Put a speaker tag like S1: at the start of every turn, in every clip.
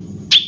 S1: you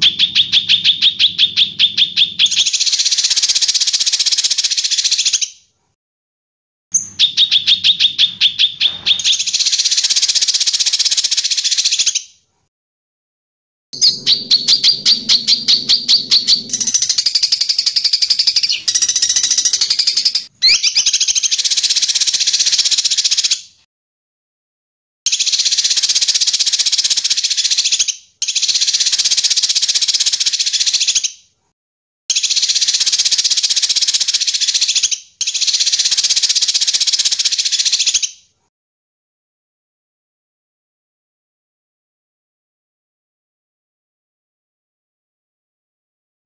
S1: Thank you.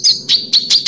S1: Thank you.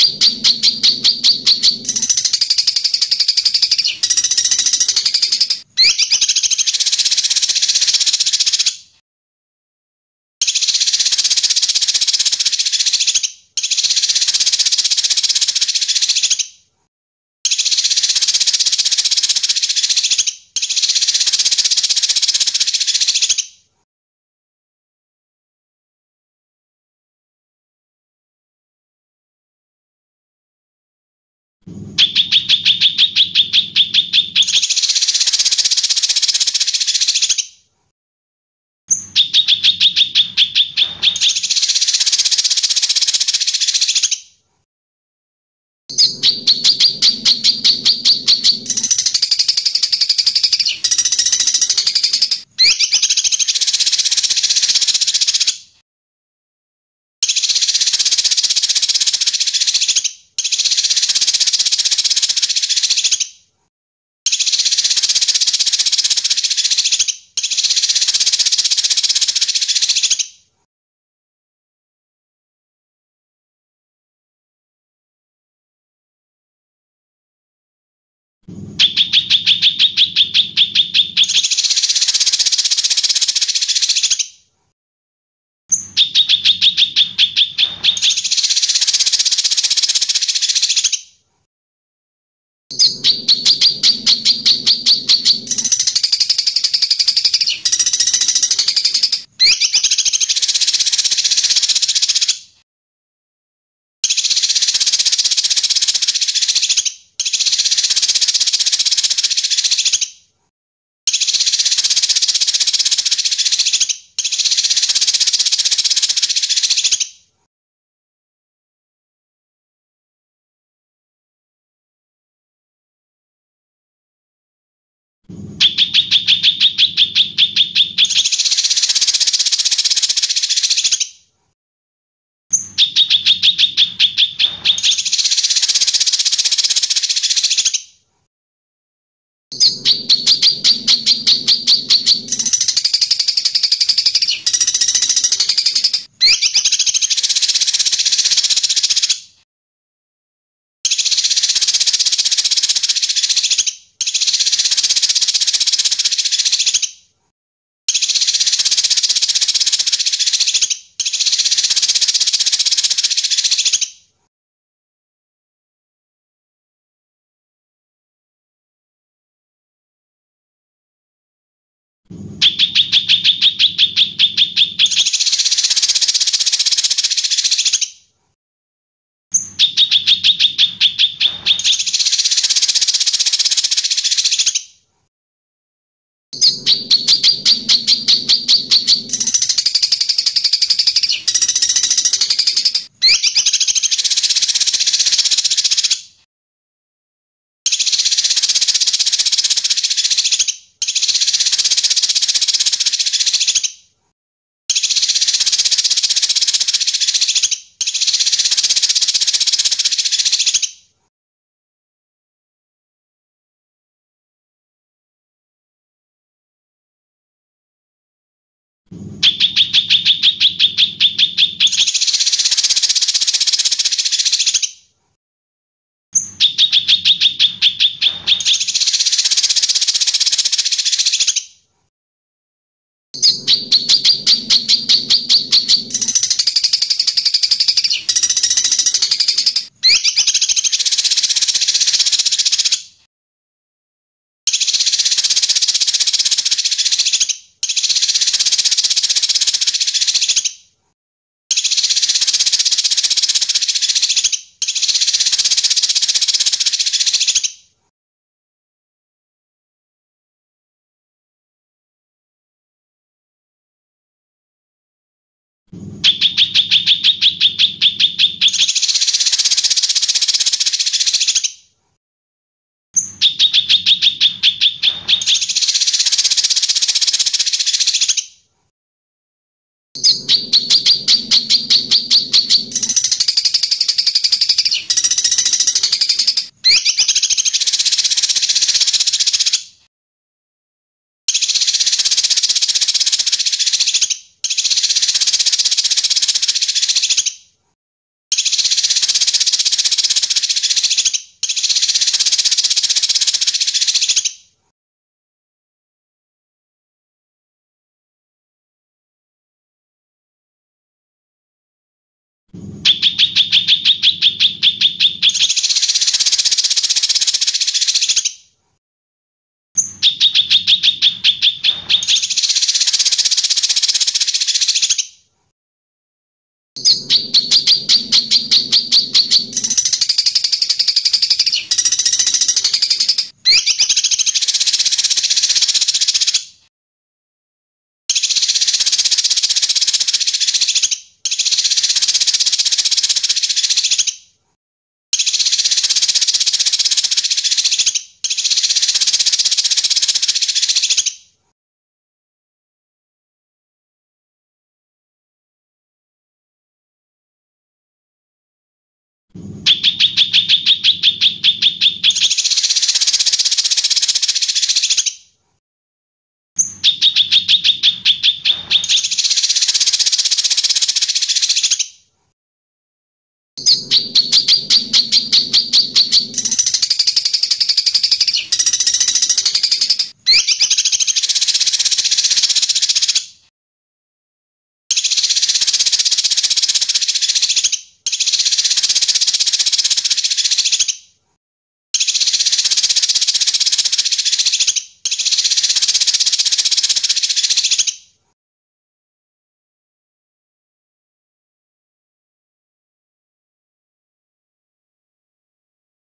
S1: Thank you. Thank you.